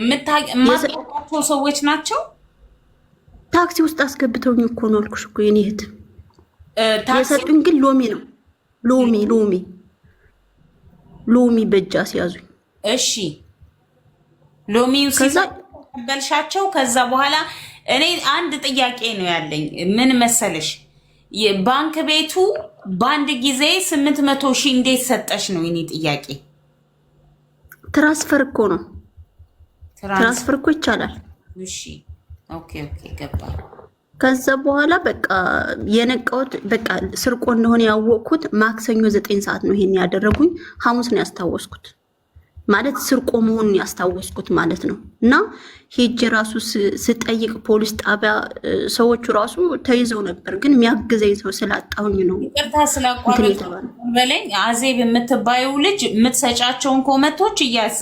የማታውቃቸው ሰዎች ናቸው። ታክሲ ውስጥ አስገብተውኝ እኮ ነው አልኩሽ እኮ የኔ እህት። የሰጡኝ ግን ሎሚ ነው ሎሚ ሎሚ ሎሚ በእጅ አስያዙኝ። እሺ ሎሚ ሲበልሻቸው፣ ከዛ በኋላ እኔ አንድ ጥያቄ ነው ያለኝ። ምን መሰለሽ ባንክ ቤቱ በአንድ ጊዜ ስምንት መቶ ሺህ እንዴት ሰጠሽ ነው የኔ ጥያቄ። ትራንስፈር እኮ ነው ትራንስፈር እኮ ይቻላል። እሺ ኦኬ ኦኬ ገባ። ከዛ በኋላ በቃ የነቃሁት በቃ ስርቆ እንደሆነ ያወቅኩት ማክሰኞ ዘጠኝ ሰዓት ነው። ይሄን ያደረጉኝ ሐሙስ ነው ያስታወስኩት። ማለት ስርቆ መሆኑን ያስታወስኩት ማለት ነው። እና ሄጅ ራሱ ስጠይቅ ፖሊስ ጣቢያ ሰዎቹ ራሱ ተይዘው ነበር፣ ግን የሚያግዘኝ ሰው ስላጣሁኝ ነው። ይቅርታ ስለቋበለኝ አዜብ የምትባየው ልጅ የምትሰጫቸውን ኮመቶች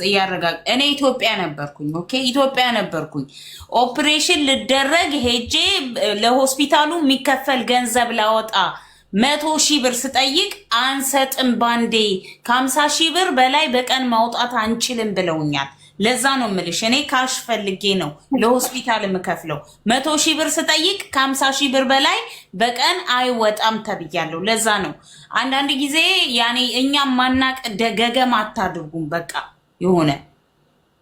እያረጋ እኔ ኢትዮጵያ ነበርኩኝ። ኦኬ ኢትዮጵያ ነበርኩኝ። ኦፕሬሽን ልደረግ ሄጄ ለሆስፒታሉ የሚከፈል ገንዘብ ላወጣ መቶ ሺህ ብር ስጠይቅ አንሰጥም ባንዴ ከሀምሳ ሺህ ብር በላይ በቀን ማውጣት አንችልም ብለውኛል። ለዛ ነው ምልሽ እኔ ካሽ ፈልጌ ነው ለሆስፒታል የምከፍለው። መቶ ሺህ ብር ስጠይቅ ከሀምሳ ሺህ ብር በላይ በቀን አይወጣም ተብያለሁ። ለዛ ነው አንዳንድ ጊዜ ያኔ እኛም ማናቅ ደገገም አታድርጉም። በቃ የሆነ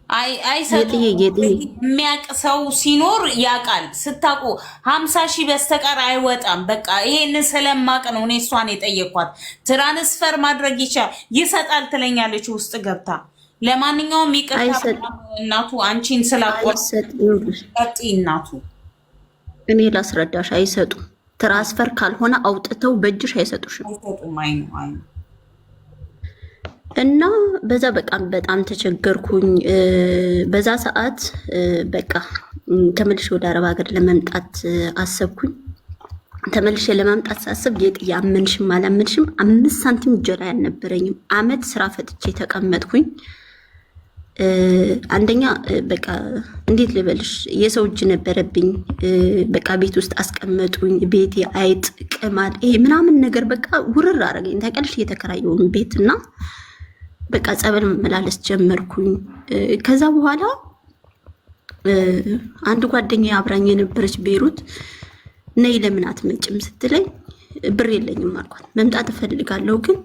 የሚያቅ ሰው ሲኖር ያውቃል። ስታውቁ ሀምሳ ሺህ በስተቀር አይወጣም። በቃ ይሄንን ስለማቅ ነው እኔ እሷን የጠየኳት። ትራንስፈር ማድረግ ይቻል ይሰጣል ትለኛለች ውስጥ ገብታ። ለማንኛውም ይቅርታ እናቱ አንቺን ስላቆጥ እናቱ እኔ ላስረዳሽ፣ አይሰጡም። ትራንስፈር ካልሆነ አውጥተው በእጅሽ አይሰጡሽም። አይሰጡም። አይ ነው እና በዛ በቃም በጣም ተቸገርኩኝ። በዛ ሰዓት በቃ ተመልሼ ወደ አረብ ሀገር ለመምጣት አሰብኩኝ። ተመልሼ ለማምጣት ሳስብ ጌጥ ያመንሽም አላመንሽም አምስት ሳንቲም እጄ ላይ አመት ስራ ፈጥቼ ተቀመጥኩኝ። አንደኛ በቃ እንዴት ልበልሽ የሰው እጅ ነበረብኝ። በቃ ቤት ውስጥ አስቀመጡኝ። ቤት አይጥ፣ ቅማል፣ ይሄ ምናምን ነገር በቃ ውርር አረገኝ። ታውቂያለሽ፣ እየተከራየውን ቤት እና በቃ ጸበል መመላለስ ጀመርኩኝ። ከዛ በኋላ አንድ ጓደኛ አብራኝ የነበረች ቤሩት ነይ ለምን አትመጭም ስትለኝ ብር የለኝም አልኳት። መምጣት እፈልጋለሁ ግን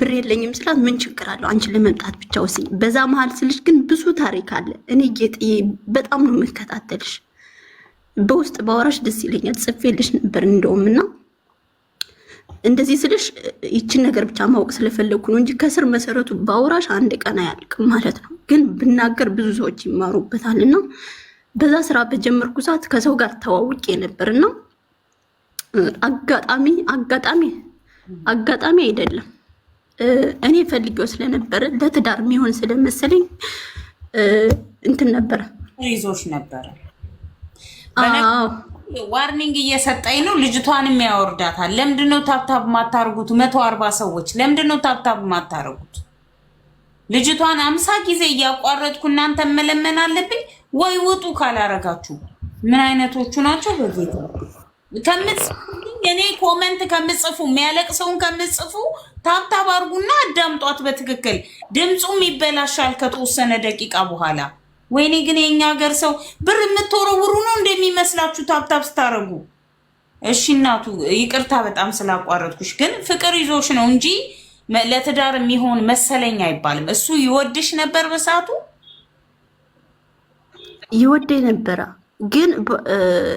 ብር የለኝም ስላት ምን ችግር አለው አንቺ ለመምጣት ብቻ ወስኝ። በዛ መሀል ስልሽ ግን ብዙ ታሪክ አለ። እኔ ጌጥዬ በጣም ነው የምከታተልሽ። በውስጥ ባወራሽ ደስ ይለኛል። ጽፌልሽ ነበር እንደውም እና እንደዚህ ስልሽ ይችን ነገር ብቻ ማወቅ ስለፈለግኩ ነው እንጂ ከስር መሰረቱ በአውራሽ አንድ ቀን አያልቅም ማለት ነው። ግን ብናገር ብዙ ሰዎች ይማሩበታል እና በዛ ስራ በጀመርኩ ሰዓት ከሰው ጋር ተዋውቄ ነበር እና አጋጣሚ አጋጣሚ አጋጣሚ አይደለም እኔ ፈልጌው ስለነበረ ለትዳር የሚሆን ስለመሰለኝ እንትን ነበረ ነበረ ዋርኒንግ እየሰጠኝ ነው። ልጅቷንም ያወርዳታል። ለምንድነው ነው ታብታብ ማታርጉት? መቶ አርባ ሰዎች ለምንድነው ነው ታብታብ ማታርጉት? ልጅቷን አምሳ ጊዜ እያቋረጥኩ እናንተ መለመን አለብኝ ወይ? ውጡ ካላረጋችሁ። ምን አይነቶቹ ናቸው? በጌት ከምትጽፉልኝ እኔ ኮመንት ከምጽፉ የሚያለቅሰውን ከምጽፉ ታብታብ አርጉና አዳምጧት በትክክል ድምፁም ይበላሻል ከተወሰነ ደቂቃ በኋላ ወይኔ ግን የኛ ሀገር ሰው ብር የምትወረውሩ ነው እንደሚመስላችሁ ታብታብ ስታረጉ። እሺ እናቱ ይቅርታ በጣም ስላቋረጥኩሽ፣ ግን ፍቅር ይዞሽ ነው እንጂ ለትዳር የሚሆን መሰለኝ አይባልም። እሱ ይወድሽ ነበር በሰዓቱ ይወደ ነበረ። ግን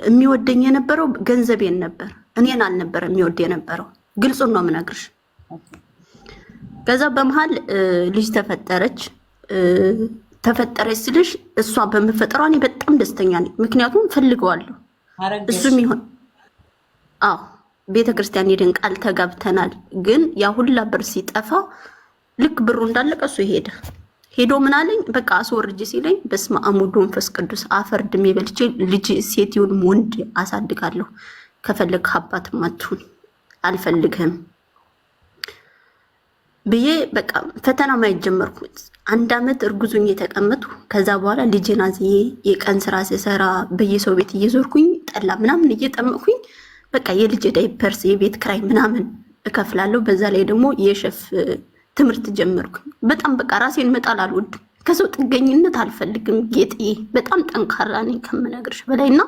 የሚወደኝ የነበረው ገንዘቤን ነበር፣ እኔን አልነበረ የሚወድ የነበረው። ግልጹን ነው የምነግርሽ። ከዛ በመሀል ልጅ ተፈጠረች። ተፈጠረች ስልሽ እሷ በመፈጠሯ እኔ በጣም ደስተኛ ነኝ። ምክንያቱም ፈልገዋለሁ እሱም ይሆን አዎ ቤተ ክርስቲያን ሄደን ቃል ተጋብተናል። ግን ያ ሁላ ብር ሲጠፋ ልክ ብሩ እንዳለቀ እሱ ሄደ ሄዶ ምናለኝ አለኝ፣ በቃ አስወርጅ ሲለኝ በስመ አብ ወወልድ ወመንፈስ ቅዱስ አፈርድም የበልቼ ልጅ ሴት ይሁን ወንድ አሳድጋለሁ። ከፈለግህ አባት መቱን አልፈልግህም ብዬ በቃ ፈተና ማየት ጀመርኩት። አንድ አመት እርጉዙኝ የተቀመጡ ከዛ በኋላ ልጄን አዝዬ የቀን ስራ ስሰራ በየሰው ቤት እየዞርኩኝ ጠላ ምናምን እየጠመቅኩኝ በቃ የልጄ ዳይፐርስ፣ የቤት ክራይ ምናምን እከፍላለሁ። በዛ ላይ ደግሞ የሸፍ ትምህርት ጀመርኩኝ። በጣም በቃ ራሴን መጣል አልወድም። ከሰው ጥገኝነት አልፈልግም። ጌጥዬ በጣም ጠንካራ ነኝ ከምነግርሽ በላይ እና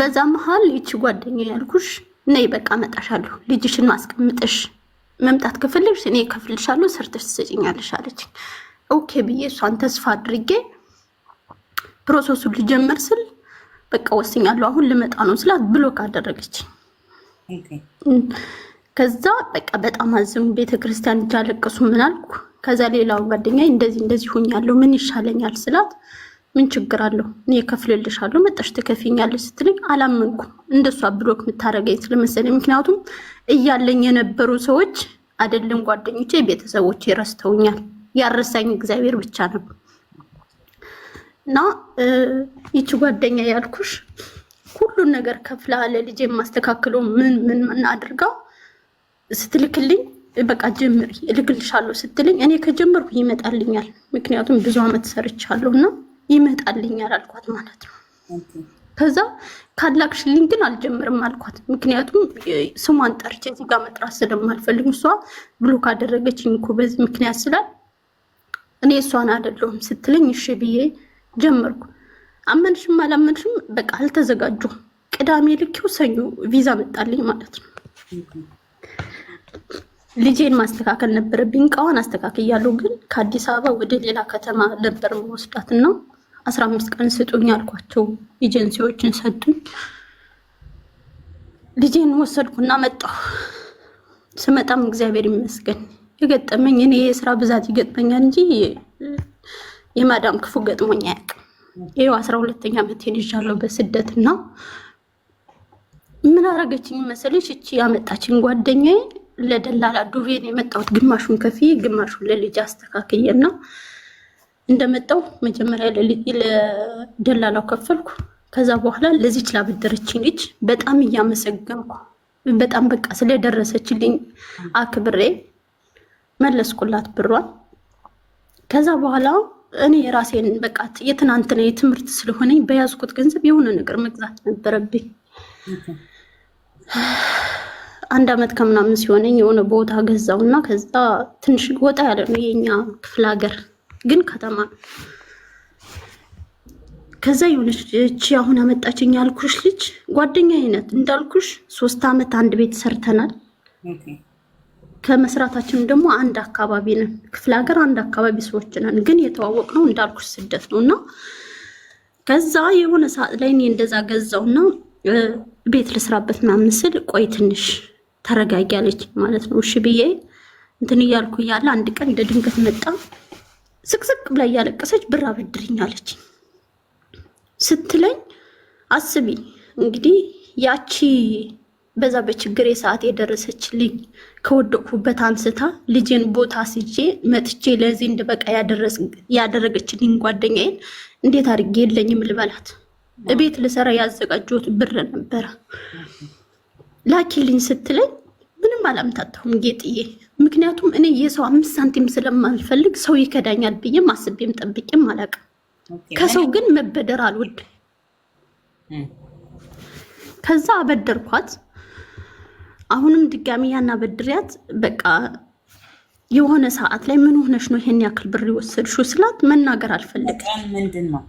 በዛ መሀል ይቺ ጓደኛ ያልኩሽ ነይ በቃ እመጣሻለሁ ልጅሽን ማስቀምጥሽ መምጣት ከፈለግሽ እኔ እከፍልሻለሁ፣ ሰርተሽ ትሰጭኛለሽ አለችኝ። ኦኬ ብዬ እሷን ተስፋ አድርጌ ፕሮሰሱን ልጀምር ስል በቃ ወስኛለሁ፣ አሁን ልመጣ ነው ስላት ብሎክ አደረገች። ከዛ በቃ በጣም አዝም ቤተክርስቲያን እጃለቀሱ ምን አልኩ። ከዛ ሌላው ጓደኛ እንደዚህ እንደዚህ ሆኛለሁ ምን ይሻለኛል ስላት ምን ችግር አለው? እኔ እከፍልልሻለሁ መጣሽ ትከፊኛለሽ ስትለኝ አላመንኩም። እንደሷ ብሎክ የምታደርገኝ ስለመሰለኝ፣ ምክንያቱም እያለኝ የነበሩ ሰዎች አይደለም ጓደኞቼ፣ ቤተሰቦቼ ረስተውኛል። ያረሳኝ እግዚአብሔር ብቻ ነው። እና ይቺ ጓደኛ ያልኩሽ ሁሉን ነገር ከፍላ ለልጅ የማስተካክለው ምን ምን አድርገው ስትልክልኝ በቃ ጀምሪ እልክልሻለሁ ስትልኝ እኔ ከጀመርኩ ይመጣልኛል። ምክንያቱም ብዙ አመት ሰርቻለሁ እና ይመጣልኛል አልኳት ማለት ነው። ከዛ ካላክሽልኝ ግን አልጀምርም አልኳት። ምክንያቱም ስሟን ጠርቼ እዚህ ጋር መጥራት ስለማልፈልግ እሷ ብሎ ካደረገችኝ እኮ በዚህ ምክንያት ስላል እኔ እሷን አይደለሁም ስትለኝ እሺ ብዬ ጀመርኩ። አመንሽም አላመንሽም በቃ አልተዘጋጀሁም። ቅዳሜ ልኪው ሰኞ ቪዛ መጣልኝ ማለት ነው። ልጄን ማስተካከል ነበረብኝ። እቃዋን አስተካክያለሁ፣ ግን ከአዲስ አበባ ወደ ሌላ ከተማ ነበር መወስዳት ነው አስራ አምስት ቀን ስጡኝ አልኳቸው። ኤጀንሲዎችን ሰጡኝ። ልጄን ወሰድኩና መጣሁ። ስመጣም እግዚአብሔር ይመስገን የገጠመኝ እኔ የስራ ብዛት ይገጥመኛል እንጂ የማዳም ክፉ ገጥሞኝ አያውቅም። ይኸው አስራ ሁለተኛ ዓመቴን ይዣለሁ በስደት እና ምን አረገችኝ መሰለሽ? እቺ ያመጣችኝ ጓደኛዬ ለደላላ ዱቤን የመጣሁት ግማሹን ከፍዬ ግማሹን ለልጅ አስተካክዬ እና እንደመጣው መጀመሪያ ለደላላው ከፈልኩ። ከዛ በኋላ ለዚች ላበደረችኝ ልጅ በጣም እያመሰገንኩ በጣም በቃ ስለደረሰችልኝ አክብሬ መለስኩላት ብሯን። ከዛ በኋላ እኔ የራሴን በቃ የትናንትና የትምህርት ስለሆነኝ በያዝኩት ገንዘብ የሆነ ነገር መግዛት ነበረብኝ። አንድ አመት ከምናምን ሲሆነኝ የሆነ ቦታ ገዛውና ከዛ ትንሽ ወጣ ያለ ነው የኛ ክፍለ ሀገር ግን ከተማ ነው። ከዛ የሆነች እቺ አሁን አመጣችኝ ያልኩሽ ልጅ ጓደኛ አይነት እንዳልኩሽ ሶስት አመት አንድ ቤት ሰርተናል። ከመስራታችን ደግሞ አንድ አካባቢ ነን፣ ክፍለ ሀገር አንድ አካባቢ ሰዎች ነን። ግን የተዋወቅ ነው እንዳልኩሽ ስደት ነው እና ከዛ የሆነ ሰዓት ላይ እኔ እንደዛ ገዛውና ቤት ልስራበት ምናምን ስል ቆይ ትንሽ ተረጋጊ አለች ማለት ነው። እሺ ብዬ እንትን እያልኩ እያለ አንድ ቀን እንደ ድንገት መጣ። ብላ እያለቀሰች ብር አበድርኝ አለችኝ ስትለኝ፣ አስቢ እንግዲህ ያቺ በዛ በችግሬ ሰዓት የደረሰችልኝ ከወደቅሁበት አንስታ ልጄን ቦታ ስጄ መጥቼ ለዚህ እንድበቃ ያደረገችልኝ ጓደኛዬን እንዴት አድርጌ የለኝም ልበላት? እቤት ልሰራ ያዘጋጀሁት ብር ነበረ ላኪልኝ ስትለኝ ምንም አላምታታሁም ጌጥዬ። ምክንያቱም እኔ የሰው አምስት ሳንቲም ስለማልፈልግ ሰው ይከዳኛል ብዬም አስቤም ጠብቄም አላውቅም። ከሰው ግን መበደር አልወድም። ከዛ አበደርኳት። አሁንም ድጋሚ ያን አበድሪያት በቃ የሆነ ሰዓት ላይ ምን ሆነሽ ነው ይሄን ያክል ብር የወሰድሽው ስላት መናገር አልፈልግም። ምንድን ነው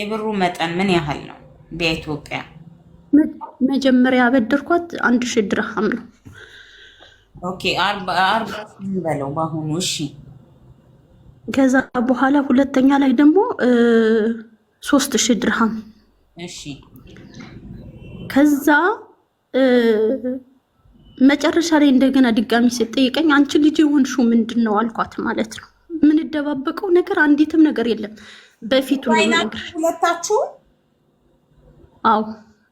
የብሩ መጠን ምን ያህል ነው በኢትዮጵያ? መጀመሪያ ያበደርኳት አንድ ሺህ ድርሃም ነው። ኦኬ በለው በአሁኑ እሺ። ከዛ በኋላ ሁለተኛ ላይ ደግሞ ሶስት ሺህ ድርሃም እሺ። ከዛ መጨረሻ ላይ እንደገና ድጋሚ ስጠይቀኝ አንቺ ልጅ የሆንሽው ምንድን ነው አልኳት ማለት ነው። የምንደባበቀው ነገር አንዲትም ነገር የለም። በፊቱ ነገር ሁለታችሁ። አዎ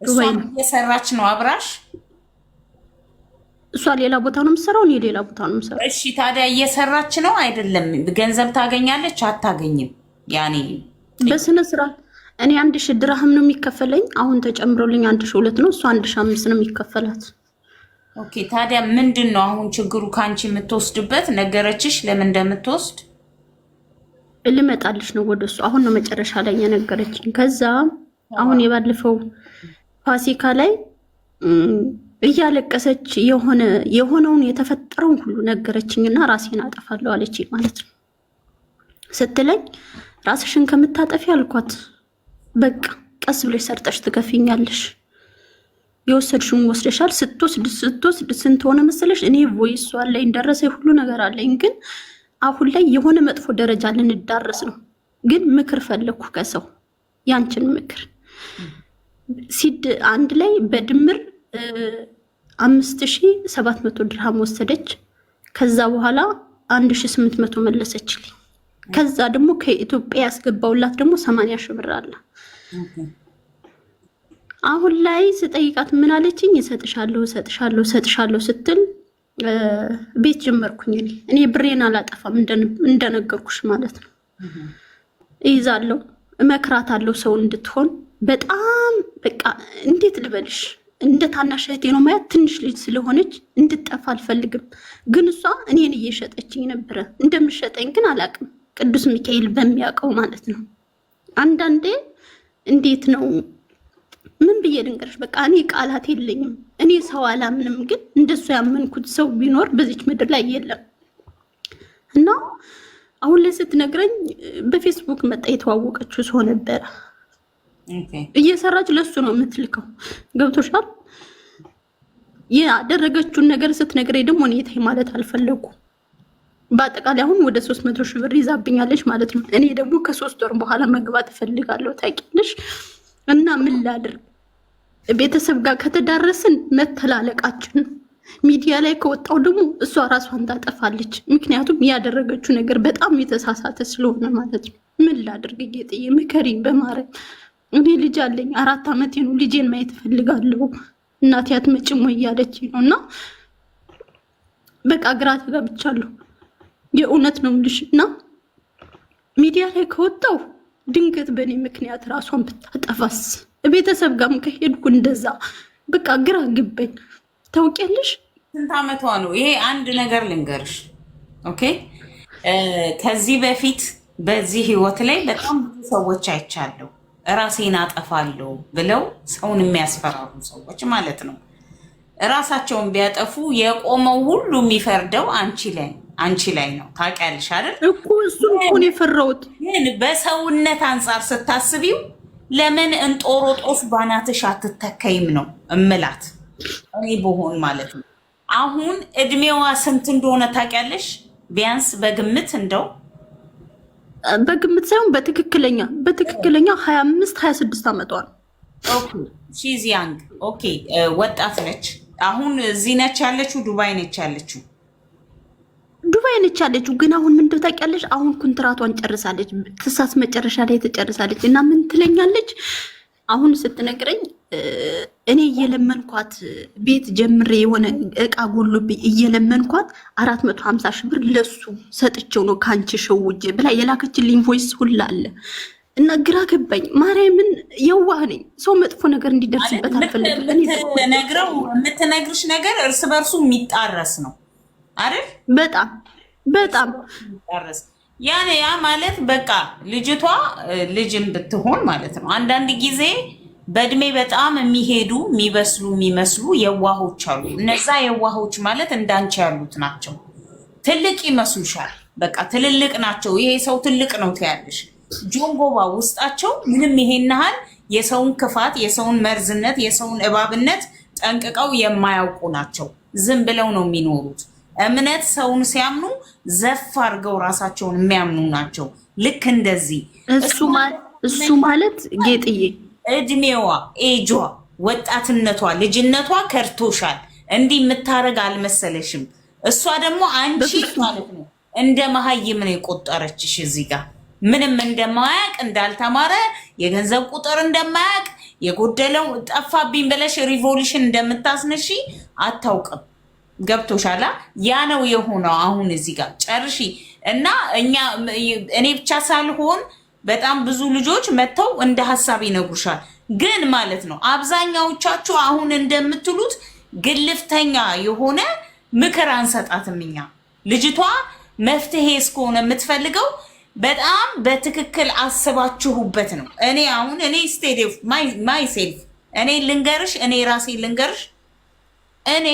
እሷም እየሰራች ነው አብራሽ። እሷ ሌላ ቦታ ነው የምትሰራው፣ እኔ ሌላ ቦታ ነው የምሰራው። እሺ ታዲያ እየሰራች ነው አይደለም? ገንዘብ ታገኛለች አታገኝም? ያኔ በስነ ስርዓት እኔ አንድ ሺ ድራህም ነው የሚከፈለኝ። አሁን ተጨምሮልኝ አንድ ሺ ሁለት ነው። እሷ አንድ ሺ አምስት ነው የሚከፈላት። ኦኬ ታዲያ ምንድን ነው አሁን ችግሩ? ከአንቺ የምትወስድበት ነገረችሽ? ለምን እንደምትወስድ ልመጣልሽ ነው ወደ እሱ። አሁን ነው መጨረሻ ላይ የነገረችኝ። ከዛ አሁን የባለፈው ፋሲካ ላይ እያለቀሰች የሆነ የሆነውን የተፈጠረውን ሁሉ ነገረችኝና ራሴን አጠፋለሁ አለች ማለት ነው። ስትለኝ ራስሽን ከምታጠፊ አልኳት፣ በቃ ቀስ ብለሽ ሰርጠሽ ትከፊኛለሽ። የወሰድሽውን ወስደሻል። ስትወስድ ስትወስድ ስንት ሆነ መሰለሽ? እኔ ቮይሱ አለኝ ደረሰ ሁሉ ነገር አለኝ፣ ግን አሁን ላይ የሆነ መጥፎ ደረጃ ልንዳረስ ነው። ግን ምክር ፈለግኩ ከሰው ያንችን ምክር ሲድ አንድ ላይ በድምር አምስት ሺ ሰባት መቶ ድርሃም ወሰደች። ከዛ በኋላ አንድ ሺ ስምንት መቶ መለሰችልኝ። ከዛ ደግሞ ከኢትዮጵያ ያስገባውላት ደግሞ ሰማንያ ሺ ብር አለ። አሁን ላይ ስጠይቃት ምን አለችኝ? እሰጥሻለሁ እሰጥሻለሁ እሰጥሻለሁ ስትል ቤት ጀመርኩኝ። እኔ እኔ ብሬን አላጠፋም እንደነገርኩሽ ማለት ነው። እይዛለሁ፣ እመክራታለሁ ሰው እንድትሆን በጣም በቃ እንዴት ልበልሽ እንደ ታናሽ እህቴ ነው ማያት። ትንሽ ልጅ ስለሆነች እንድጠፋ አልፈልግም። ግን እሷ እኔን እየሸጠችኝ ነበረ። እንደምሸጠኝ ግን አላውቅም። ቅዱስ ሚካኤል በሚያውቀው ማለት ነው። አንዳንዴ እንዴት ነው ምን ብዬ ልንገርሽ? በቃ እኔ ቃላት የለኝም። እኔ ሰው አላምንም፣ ግን እንደሱ ያመንኩት ሰው ቢኖር በዚች ምድር ላይ የለም እና አሁን ላይ ስትነግረኝ በፌስቡክ መጣ የተዋወቀችው ሰው ነበረ እየሰራች ለሱ ነው የምትልከው። ገብቶሻል? ያደረገችውን ነገር ስትነግረኝ ደግሞ እኔ ማለት አልፈለጉ በአጠቃላይ አሁን ወደ ሶስት መቶ ሺህ ብር ይዛብኛለች ማለት ነው። እኔ ደግሞ ከሶስት ወር በኋላ መግባት እፈልጋለሁ ታውቂያለሽ። እና ምን ላድርግ? ቤተሰብ ጋር ከተዳረስን መተላለቃችን ሚዲያ ላይ ከወጣው ደግሞ እሷ ራሷን ታጠፋለች። ምክንያቱም ያደረገችው ነገር በጣም የተሳሳተ ስለሆነ ማለት ነው። ምን ላድርግ? ጌጥዬ ምከሪኝ በማለት እኔ ልጅ አለኝ፣ አራት ዓመቴ ነው። ልጄን ማየት እፈልጋለሁ። እናቴ አትመጭም ወይ እያለች ነው እና በቃ ግራ ተጋብቻለሁ። የእውነት ነው የምልሽ እና ሚዲያ ላይ ከወጣው ድንገት በእኔ ምክንያት ራሷን ብታጠፋስ? ቤተሰብ ጋርም ከሄድኩ እንደዛ በቃ ግራ ግበኝ። ታውቂያለሽ፣ ስንት ዓመቷ ነው? ይሄ አንድ ነገር ልንገርሽ። ኦኬ፣ ከዚህ በፊት በዚህ ህይወት ላይ በጣም ብዙ ሰዎች አይቻለሁ። ራሴን አጠፋለሁ ብለው ሰውን የሚያስፈራሩ ሰዎች ማለት ነው። ራሳቸውን ቢያጠፉ የቆመው ሁሉ የሚፈርደው አንቺ ላይ አንቺ ላይ ነው። ታውቂያለሽ አይደል? እኮ እሱን እኮ ነው የፈራሁት። ግን በሰውነት አንጻር ስታስቢው ለምን እንጦሮጦስ ባናትሽ አትተከይም ነው እምላት እኔ በሆን ማለት ነው። አሁን እድሜዋ ስንት እንደሆነ ታውቂያለሽ? ቢያንስ በግምት እንደው በግምት ሳይሆን በትክክለኛ በትክክለኛ ሀያ አምስት ሀያ ስድስት አመቷ ነው። ያንግ ኦኬ፣ ወጣት ነች። አሁን እዚህ ነች ያለችው፣ ዱባይ ነች ያለችው፣ ዱባይ ነች ያለችው። ግን አሁን ምን እንደው ታውቂያለሽ፣ አሁን ኮንትራቷን ጨርሳለች። ትሳስ መጨረሻ ላይ ትጨርሳለች እና ምን ትለኛለች አሁን ስትነግረኝ እኔ እየለመንኳት ቤት ጀምሬ የሆነ እቃ ጎሎብኝ እየለመንኳት አራት መቶ ሀምሳ ሺህ ብር ለሱ ሰጥቼው ነው ከአንቺ ሸውጄ ብላ የላከችልኝ ቮይስ ሁላ አለ እና ግራ ገባኝ። ማርያምን የዋህ ነኝ። ሰው መጥፎ ነገር እንዲደርስበት አልፈልግም። ነግረው የምትነግርሽ ነገር እርስ በርሱ የሚጣረስ ነው አይደል? በጣም በጣም ያን ያ ማለት በቃ ልጅቷ ልጅም ብትሆን ማለት ነው። አንዳንድ ጊዜ በእድሜ በጣም የሚሄዱ የሚበስሉ የሚመስሉ የዋሆች አሉ። እነዛ የዋሆች ማለት እንዳንቺ ያሉት ናቸው። ትልቅ ይመስሉሻል። በቃ ትልልቅ ናቸው። ይሄ ሰው ትልቅ ነው ትያለሽ። ጆንጎባ ውስጣቸው ምንም ይሄን ያህል የሰውን ክፋት፣ የሰውን መርዝነት፣ የሰውን እባብነት ጠንቅቀው የማያውቁ ናቸው። ዝም ብለው ነው የሚኖሩት። እምነት ሰውን ሲያምኑ ዘፍ አድርገው ራሳቸውን የሚያምኑ ናቸው። ልክ እንደዚህ እሱ ማለት ጌጥዬ እድሜዋ፣ ኤጇ፣ ወጣትነቷ፣ ልጅነቷ ከርቶሻል። እንዲህ የምታደርግ አልመሰለሽም። እሷ ደግሞ አንቺ ማለት ነው እንደ መሀይም ነው የቆጠረችሽ እዚህ ጋር ምንም እንደማያቅ እንዳልተማረ የገንዘብ ቁጥር እንደማያቅ የጎደለው ጠፋብኝ ብለሽ ሪቮሉሽን እንደምታስነሺ አታውቅም። ገብቶሻላ ያ ነው የሆነው። አሁን እዚህ ጋር ጨርሺ እና እኛ እኔ ብቻ ሳልሆን በጣም ብዙ ልጆች መጥተው እንደ ሀሳብ ይነግሩሻል። ግን ማለት ነው አብዛኛዎቻችሁ አሁን እንደምትሉት ግልፍተኛ የሆነ ምክር አንሰጣትም። እኛ ልጅቷ መፍትሄ እስከሆነ የምትፈልገው በጣም በትክክል አስባችሁበት ነው። እኔ አሁን እኔ ስቴዲየም ማይ ሴልፍ እኔ ልንገርሽ፣ እኔ ራሴ ልንገርሽ እኔ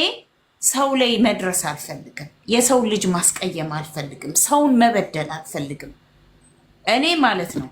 ሰው ላይ መድረስ አልፈልግም። የሰው ልጅ ማስቀየም አልፈልግም። ሰውን መበደል አልፈልግም። እኔ ማለት ነው